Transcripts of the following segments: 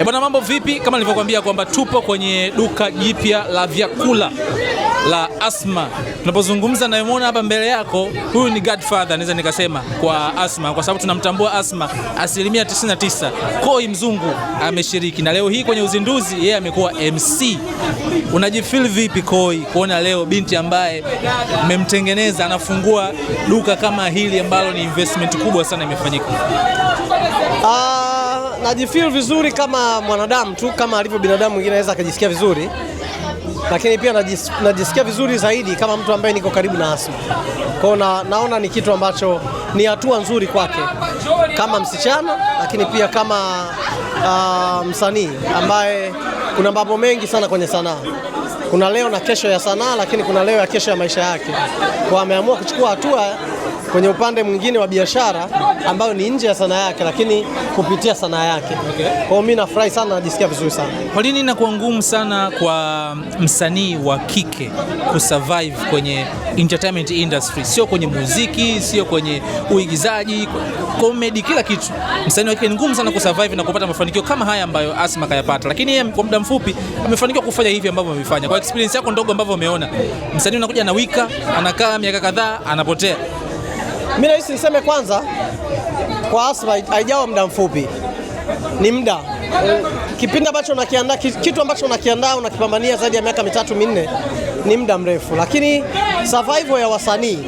E bwana, mambo vipi? Kama nilivyokuambia kwamba tupo kwenye duka jipya la vyakula la Asma. Tunapozungumza yemona hapa mbele yako, huyu ni godfather, naweza nikasema kwa Asma, kwa sababu tunamtambua Asma asilimia 99. Koi Mzungu ameshiriki na leo hii kwenye uzinduzi, yeye yeah, amekuwa MC. Unajifeel vipi Koi, kuona leo binti ambaye mmemtengeneza anafungua duka kama hili ambalo ni investment kubwa sana imefanyika? Ah, najifeel vizuri kama mwanadamu tu, kama alivyo binadamu mwingine anaweza akajisikia vizuri, lakini pia najis, najisikia vizuri zaidi kama mtu ambaye niko karibu na Asma. kwao na, naona ni kitu ambacho ni hatua nzuri kwake kama msichana, lakini pia kama uh, msanii ambaye kuna mambo mengi sana kwenye sanaa kuna leo na kesho ya sanaa, lakini kuna leo ya kesho ya maisha yake, kwa ameamua kuchukua hatua kwenye upande mwingine wa biashara ambayo ni nje ya sanaa yake, lakini kupitia sanaa yake. Kwa hiyo mimi nafurahi sana, najisikia vizuri sana. Kwa nini inakuwa ngumu sana kwa msanii wa kike kusurvive kwenye entertainment industry? Sio kwenye muziki, sio kwenye uigizaji, comedy, kila kitu. Msanii wa kike ni ngumu sana kusurvive na kupata mafanikio kama haya ambayo Asma kayapata, lakini yeye kwa muda mfupi amefanikiwa kufanya hivi ambavyo amefanya. Kwa experience yako ndogo ambavyo umeona, msanii unakuja anawika, anakaa miaka kadhaa, anapotea mimi nahisi niseme kwanza, kwa Asma haijawa muda mfupi, ni muda kipindi ambacho unakiandaa, kitu ambacho unakiandaa unakipambania zaidi ya miaka mitatu minne, ni muda mrefu, lakini survival ya wasanii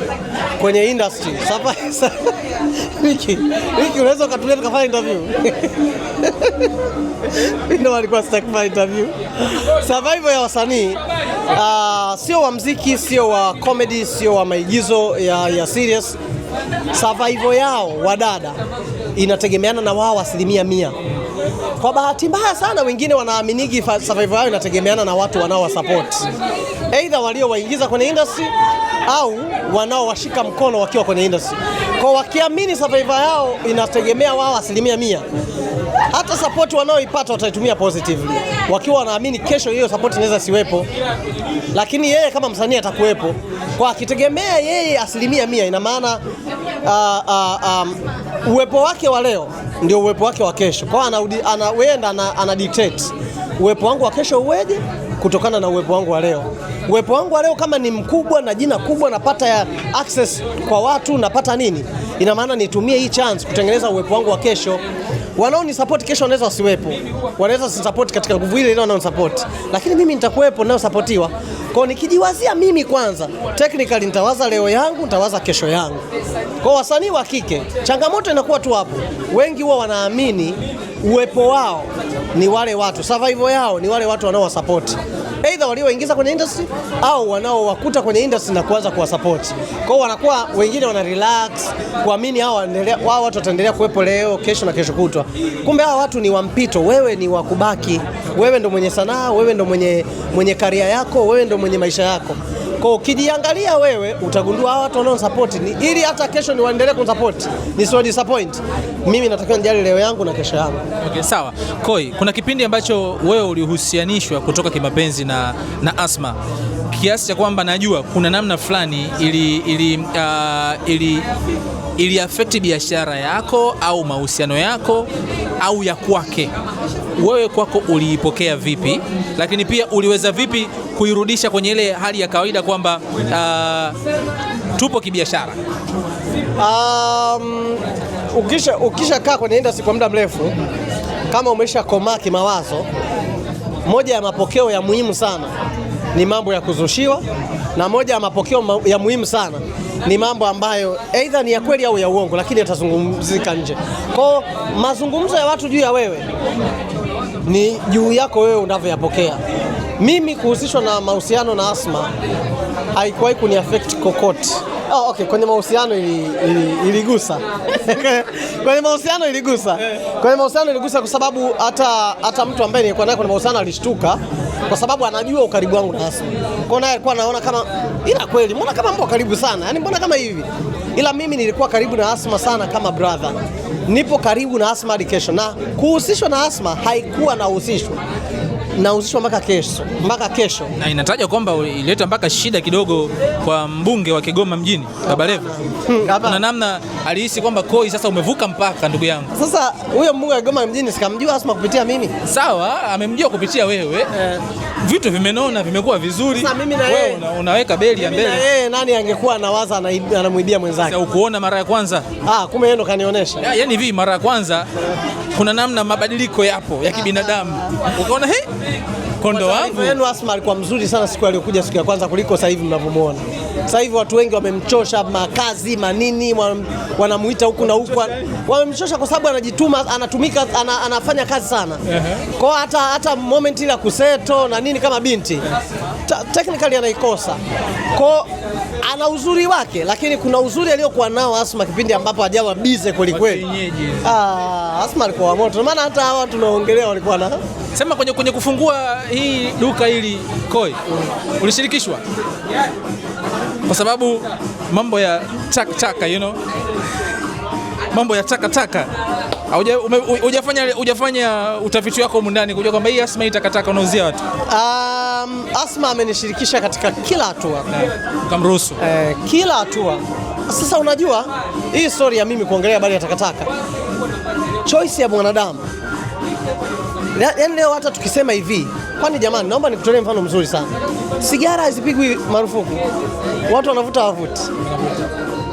kwenye industry Wiki wiki unaweza ukatulia tukafanya interview ndio walikuwa sitaki kufanya interview. Survival ya wasanii uh, sio wa mziki, sio wa comedy, sio wa maigizo ya, ya serious survival yao wadada inategemeana na wao asilimia mia. Kwa bahati mbaya sana, wengine wanaaminigi survival yao inategemeana na watu wanaowasupport, aidha waliowaingiza kwenye industry au wanaowashika mkono wakiwa kwenye industry. Kwa wakiamini survival yao inategemea wao asilimia mia, hata support wanaoipata wataitumia positively, wakiwa wanaamini kesho hiyo support inaweza siwepo, lakini yeye kama msanii atakuwepo. Kwa akitegemea yeye asilimia mia, ina maana uh, uh, um, uwepo wake wa leo ndio uwepo wake wa kesho. Kwa hiyo anaenda ana, ana dictate uwepo wangu wa kesho uweje kutokana na uwepo wangu wa leo. Uwepo wangu wa leo kama ni mkubwa na jina kubwa, napata ya access kwa watu, napata nini, ina maana nitumie hii chance kutengeneza uwepo wangu wa kesho wanaoni support kesho wanaweza wasiwepo, wanaweza support katika nguvu ile ile support, lakini mimi nitakuwepo nao supportiwa kwao. Nikijiwazia mimi kwanza, technically nitawaza leo yangu, nitawaza kesho yangu. Kwa wasanii wa kike changamoto inakuwa tu hapo, wengi huwa wanaamini uwepo wao ni wale watu, survival yao ni wale watu wanaowasapoti aidha walioingiza kwenye industry au wanaowakuta kwenye industry na kuanza kuwasapoti. Kwa hiyo wanakuwa wengine wana relax kuamini hao wao watu wataendelea kuwepo leo, kesho na kesho kutwa. Kumbe hao watu ni wampito wewe ni wa kubaki. Wewe ndo mwenye sanaa, wewe ndo mwenye mwenye karia yako, wewe ndo mwenye maisha yako. Kwa ukijiangalia wewe utagundua hawa watu wanaosapoti ni ili hata kesho ni waendelee kunisapoti disappoint. Mimi natakiwa nijali leo yangu na kesho yangu. Okay, sawa. Koi, kuna kipindi ambacho wewe ulihusianishwa kutoka kimapenzi na, na Asma kiasi cha kwamba najua kuna namna fulani ili, ili, uh, ili ili affect biashara yako au mahusiano yako au ya kwake wewe kwako uliipokea vipi, lakini pia uliweza vipi kuirudisha kwenye ile hali ya kawaida kwamba uh, tupo kibiashara? Um, ukisha kaa kwenye industry kwa muda mrefu, kama umesha komaa kimawazo, moja ya mapokeo ya muhimu sana ni mambo ya kuzushiwa, na moja ya mapokeo ya muhimu sana ni mambo ambayo aidha ni ya kweli au ya uongo, lakini yatazungumzika nje. Kwa mazungumzo ya watu juu ya wewe ni juu yako wewe unavyoyapokea. Mimi kuhusishwa na mahusiano na Asma haikuwahi kuniaffect kokote. Oh, okay, kwenye mahusiano iligusa kwenye mahusiano iligusa kwenye mahusiano iligusa, kwa sababu hata hata mtu ambaye nilikuwa naye kwenye mahusiano alishtuka kwa sababu anajua ukaribu wangu na Asma, kwa naye alikuwa anaona kama, ila kweli, mbona kama mbo karibu sana, yaani mbona kama hivi, ila mimi nilikuwa karibu na Asma sana kama brother nipo karibu na asma hadi kesho, na kuhusishwa na asma haikuwa na uhusishwa nahusishwa mpaka kesho, mpaka kesho, na inataja kwamba ileta mpaka shida kidogo kwa mbunge wa Kigoma mjini Baba Levo hmm, na namna alihisi kwamba koi sasa umevuka mpaka. Ndugu yangu, sasa huyo mbunge wa Kigoma mjini sikamjua Asma kupitia mimi. Sawa, amemjua kupitia wewe eh vitu vimenona, vimekuwa vizuri. Wewe una, unaweka beli ya mbele. Yeye nani angekuwa anawaza anamwibia mwenzake? Ukuona mara ya kwanza? Ah, kumbe yeye ndo kanionyesha. Ya, yani hivi mara ya kwanza kuna namna mabadiliko yapo ya kibinadamu. Ukaona hii kondo wangu. Yenu Asma alikuwa mzuri sana siku aliyokuja siku ya kwanza kuliko sasa hivi mnavyomwona. Sasa hivi watu wengi wamemchosha makazi manini, wanamuita huku na huku, wamemchosha kwa sababu anajituma, anatumika, anafanya kazi sana kwa hata hata moment ile kuseto na nini kama binti technically anaikosa kwa ana uzuri wake lakini kuna uzuri aliyokuwa nao Asma kipindi ambapo hajawa bize kwelikweli. Ah, Asma alikuwa moto, maana hata hawa tunaongelea walikuwa na Sema kwenye, kwenye kufungua hii duka hili Koi, ulishirikishwa? Kwa sababu mambo ya chak chaka, you know? Mambo ya takataka chaka. Hujafanya hujafanya utafiti wako huko ndani kujua kwamba hii Asma hii takataka unauzia watu? Um, Asma amenishirikisha katika kila hatua. Kamruhusu. Eh, kila hatua. Sasa unajua hii story ya mimi kuongelea habari ya takataka. Choice ya mwanadamu Yaani leo hata tukisema hivi, kwani jamani, naomba nikutolee mfano mzuri sana. Sigara hazipigwi marufuku, watu wanavuta wavuti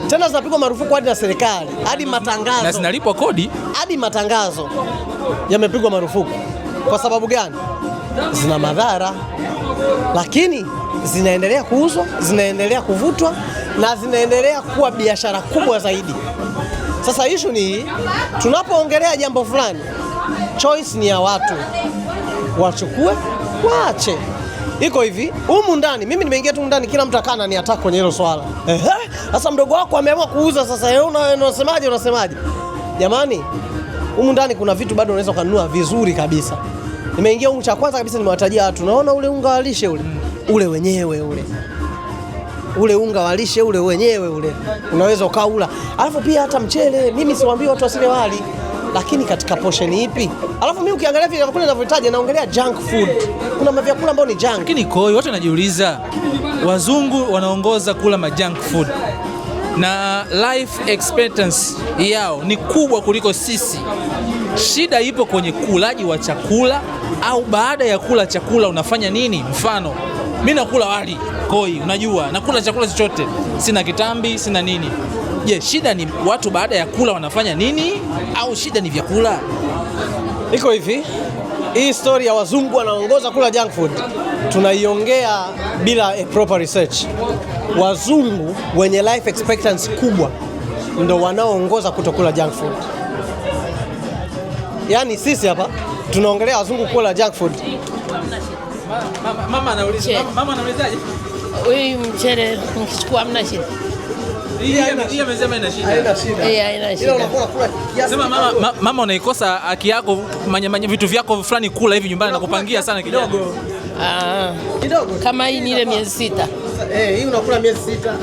tena zinapigwa marufuku hadi na serikali, hadi matangazo na zinalipwa kodi, hadi matangazo yamepigwa marufuku. Kwa sababu gani? Zina madhara, lakini zinaendelea kuuzwa, zinaendelea kuvutwa na zinaendelea kuwa biashara kubwa zaidi. Sasa ishu ni tunapoongelea jambo fulani choice ni ya watu, wachukue waache. Iko hivi humu ndani, mimi nimeingia tu ndani, kila mtu akana ni kwenye hilo swala. Sasa mdogo wako ameamua kuuza, sasa eh, unasemaje? Unasemaje? Jamani, humu ndani kuna vitu bado unaweza kununua vizuri kabisa. Nimeingia humu, cha kwanza kabisa nimewatajia watu, naona ule unga wa lishe ule ule wenyewe ule ule unga wa lishe ule wenyewe ule unaweza ukaula, alafu pia hata mchele. Mimi siwaambii watu wasile wali, lakini katika portion ipi? Alafu mimi ukiangalia vile vyakula ninavyohitaji naongelea junk food. Kuna mavyakula ambayo ni junk. Lakini koi, watu wanajiuliza, wazungu wanaongoza kula ma junk food na life expectancy yao ni kubwa kuliko sisi. Shida ipo kwenye kulaji wa chakula au baada ya kula chakula unafanya nini? Mfano mimi nakula wali koi, unajua nakula chakula chochote, sina kitambi, sina nini. Je, shida ni watu baada ya kula wanafanya nini, au shida ni vyakula? Iko hivi, hii story ya wazungu wanaongoza kula junk food tunaiongea bila a proper research. Wazungu wenye life expectancy kubwa ndo wanaoongoza kutokula junk food. Yaani sisi hapa tunaongelea wazungu kula junk food Mama, anauliza. Mama anaulizaje? Huyu mchele mkichukua shida. mama, unaikosa haki yako, vitu vyako fulani kula hivi nyumbani na kupangia sana ah, Kidogo. Kama hii ni ile miezi sita. Eh, hii unakula miezi sita.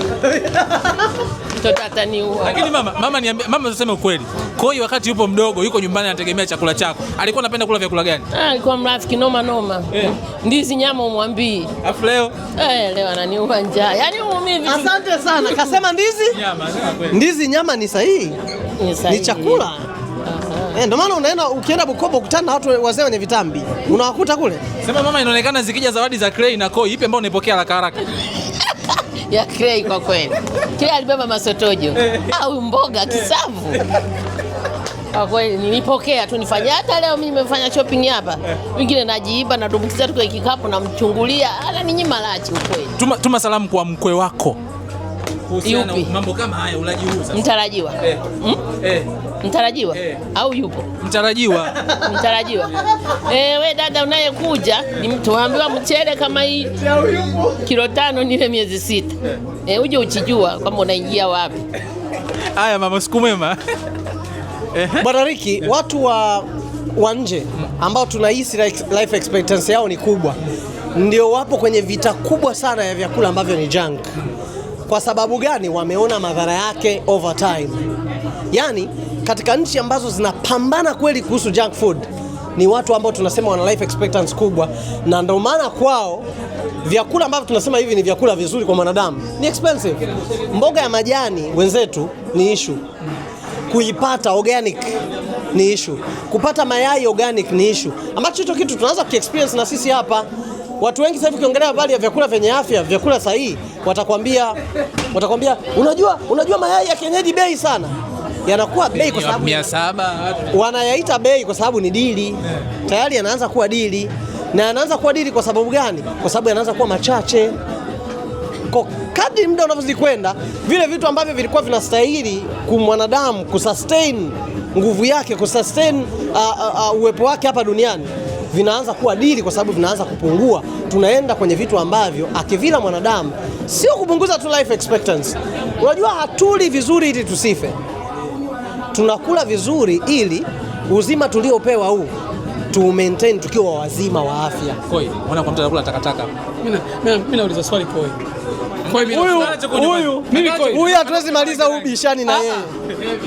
Mtoto ataniua. Lakini mama, mama niambie, mama useme ukweli. Kwa hiyo wakati yupo mdogo, yuko nyumbani anategemea chakula chako. Alikuwa anapenda kula vyakula gani? Ah, alikuwa mrafiki noma noma. Eh. Ndizi nyama umwambie. Afu leo? Eh, leo ananiua njaa. Yaani uumii Asante sana. Kasema ndizi? Nyama, sema kweli. Ndizi nyama ni sahihi. Ni sahihi. Ni chakula. Eh, ndo maana unaenda ukienda Bukoba ukutana na watu wazee wenye vitambi. Unawakuta kule. Sema mama, inaonekana zikija zawadi za Clay na Koi, ipi ambayo unaipokea haraka haraka? ya Clay kwa kweli. Clay alibeba masotojo au mboga kisavu kwa kweli nilipokea tu nifanye. Hata leo mimi nimefanya shopping hapa, wengine najiiba na tumbukiza tu kwa kikapu namchungulia, ala ni nyima lachi ukweli. Tuma, tuma salamu kwa mkwe wako. Kuhusiana mambo kama haya unajiuza. Mtarajiwa. Eh. Hmm? Eh. Mtarajiwa eh, au yupo mtarajiwa? Mtarajiwa eh, we dada unayekuja ni mtu waambiwa mchele kama hii kilo tano nile miezi sita eh, uje uchijua kwamba unaingia wapi. Haya mama, siku mema eh. Bwana Riki, watu wa wa nje ambao tunahisi life expectancy yao ni kubwa, ndio wapo kwenye vita kubwa sana ya vyakula ambavyo ni junk. Kwa sababu gani? Wameona madhara yake over time, yani katika nchi ambazo zinapambana kweli kuhusu junk food ni watu ambao tunasema wana life expectancy kubwa, na ndio maana kwao vyakula ambavyo tunasema hivi ni vyakula vizuri kwa mwanadamu ni expensive. Mboga ya majani wenzetu ni issue, kuipata organic ni issue, kupata mayai organic ni issue, ambacho hicho kitu tunaanza kukiexperience na sisi hapa. Watu wengi sasa hivi ukiongelea habari ya vyakula vyenye afya, vyakula sahihi, watakwambia watakwambia, unajua unajua mayai ya kienyeji bei sana yanakuwa bei kwa sababu mia saba wanayaita bei kwa sababu ni dili yeah. Tayari yanaanza kuwa dili na yanaanza kuwa dili kwa sababu gani? Kwa sababu yanaanza kuwa machache kwa kadri muda unavyozidi kwenda, vile vitu ambavyo vilikuwa vinastahili kumwanadamu kusustain nguvu yake kusustain uh, uh, uh, uwepo wake hapa duniani vinaanza kuwa dili kwa sababu vinaanza kupungua. Tunaenda kwenye vitu ambavyo akivila mwanadamu sio kupunguza tu life expectancy. Unajua hatuli vizuri ili tusife tunakula vizuri ili uzima tuliopewa huu tu maintain tukiwa wazima wa afya. Koi, mbona kwa mtu anakula takataka? Mimi mimi nauliza swali koi. Huyu huyu hatuwezi maliza huu bishani na yeye. Ah,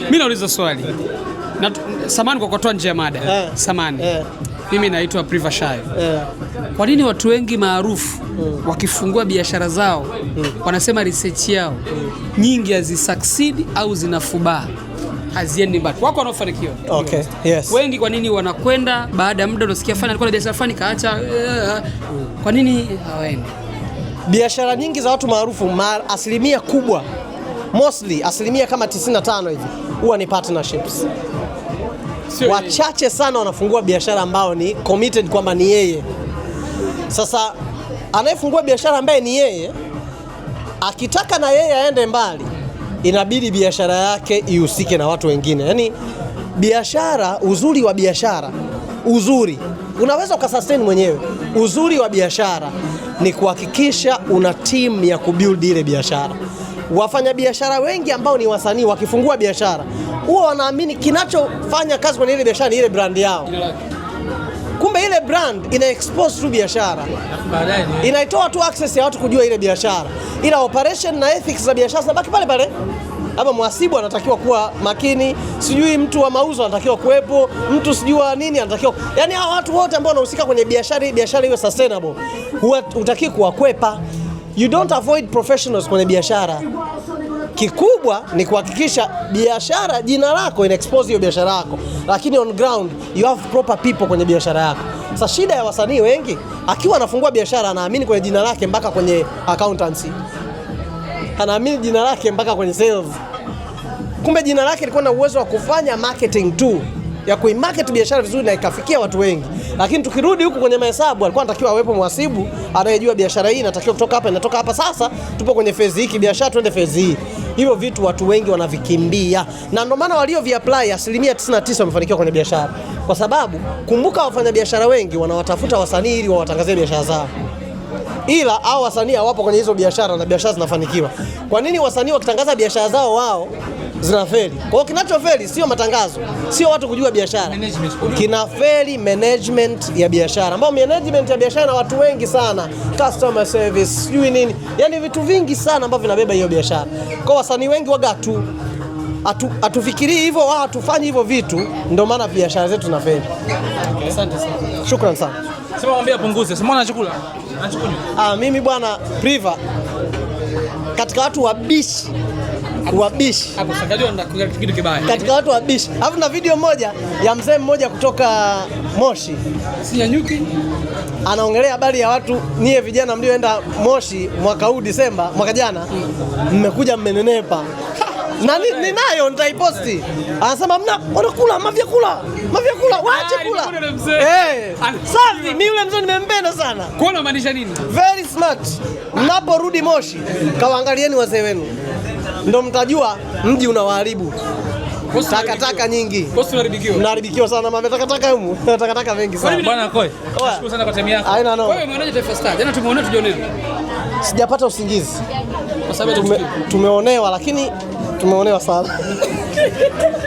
mimi nauliza swali. Na samani kwa kutoa nje ya mada. Eh, samani. Eh. Mimi naitwa Priva Shayo. Yeah. Kwa nini watu wengi maarufu mm. wakifungua biashara zao mm. wanasema research yao mm. nyingi hazisaksidi au zinafubaa? haziendi mbali. Wako wanaofanikiwa okay, yes. Wengi kwa nini wanakwenda baada ya muda, unasikia fani alikuwa na biashara fani kaacha. Eh, eh, eh. Kwa nini hawaendi? Biashara nyingi za watu maarufu ma asilimia kubwa mostly asilimia kama 95 hivi huwa ni partnerships. Sio wachache sana wanafungua biashara ambao ni committed kwamba ni yeye. Sasa anayefungua biashara ambaye ni yeye akitaka na yeye aende mbali inabidi biashara yake ihusike na watu wengine. Yaani biashara, uzuri wa biashara, uzuri unaweza ukasustain mwenyewe. Uzuri wa biashara ni kuhakikisha una timu ya kubuild ile biashara. Wafanyabiashara wengi ambao ni wasanii wakifungua biashara huwa wanaamini kinachofanya kazi kwenye ile biashara ni ile brand yao. Kumbe ile brand ina expose tu biashara, inaitoa tu access ya watu kujua ile biashara, ila operation na ethics za biashara zinabaki pale pale. Hapa mhasibu anatakiwa kuwa makini, sijui mtu wa mauzo anatakiwa kuwepo, mtu sijui wa nini anatakiwa, yani hawa watu wote ambao wanahusika kwenye biashara, biashara iwe sustainable, hutaki kuwakwepa. You don't avoid professionals kwenye biashara. Kikubwa ni kuhakikisha biashara, jina lako ina expose hiyo biashara yako, lakini on ground you have proper people kwenye biashara yako. Sasa shida ya wasanii wengi, akiwa anafungua biashara anaamini kwenye jina lake mpaka kwenye accountancy, anaamini jina lake mpaka kwenye sales. Kumbe jina lake lilikuwa na uwezo wa kufanya marketing tu ya kuimarket biashara vizuri na ikafikia watu wengi. Lakini tukirudi huku kwenye mahesabu, alikuwa anatakiwa awepo mhasibu anayejua biashara hii inatakiwa kutoka hapa, inatoka hapa. Sasa tupo kwenye phase hii kibiashara, tuende phase hii hivyo vitu watu wengi wanavikimbia, na ndio maana walioviapply asilimia 99 wamefanikiwa kwenye biashara, kwa sababu kumbuka, wafanyabiashara wengi wanawatafuta wasanii ili wawatangazie biashara zao ila au wasanii hawapo kwenye hizo biashara na biashara zinafanikiwa. Kwa nini wasanii wakitangaza biashara zao wao zinafeli. Kwa hiyo kinachofeli sio matangazo, sio watu kujua biashara, kinafeli management ya biashara, ambao management ya biashara na watu wengi sana, customer service, sijui nini, yani vitu vingi sana ambavyo vinabeba hiyo biashara. Kwa hiyo wasanii wengi waga hatufikirii atu, hivyo wala hatufanyi hivyo vitu, ndio maana biashara zetu zinafeli. Okay. sana, sana. Sema mwambie apunguze, sema anachukula anachukua. Ah, mimi bwana Priva katika watu wabishi wabishi katika watu wabishi. Alafu na video moja ya mzee mmoja kutoka Moshi Sinyanyuki, anaongelea habari ya watu, nyie vijana mlioenda Moshi mwaka huu Disemba, mwaka jana mmekuja mmenenepa na ninayo nitaiposti. Anasema mna wanakula mavyakula mavyakula, waache kula. Eh, safi. mi yule mzee nimempenda sana. Kuona maanisha nini? Very smart. Mnaporudi Moshi, kawaangalieni wazee wenu ndo mtajua mji unawaharibu takataka nyingi, mnaharibikiwa sana mama, takataka humu, takataka mengi sana bwana. Koi, nashukuru sana kwa time yako. Haina no, wewe umeonaje Taifa Stars jana? Tumeona tujione, sijapata usingizi kwa sababu tumeonewa, lakini tumeonewa sana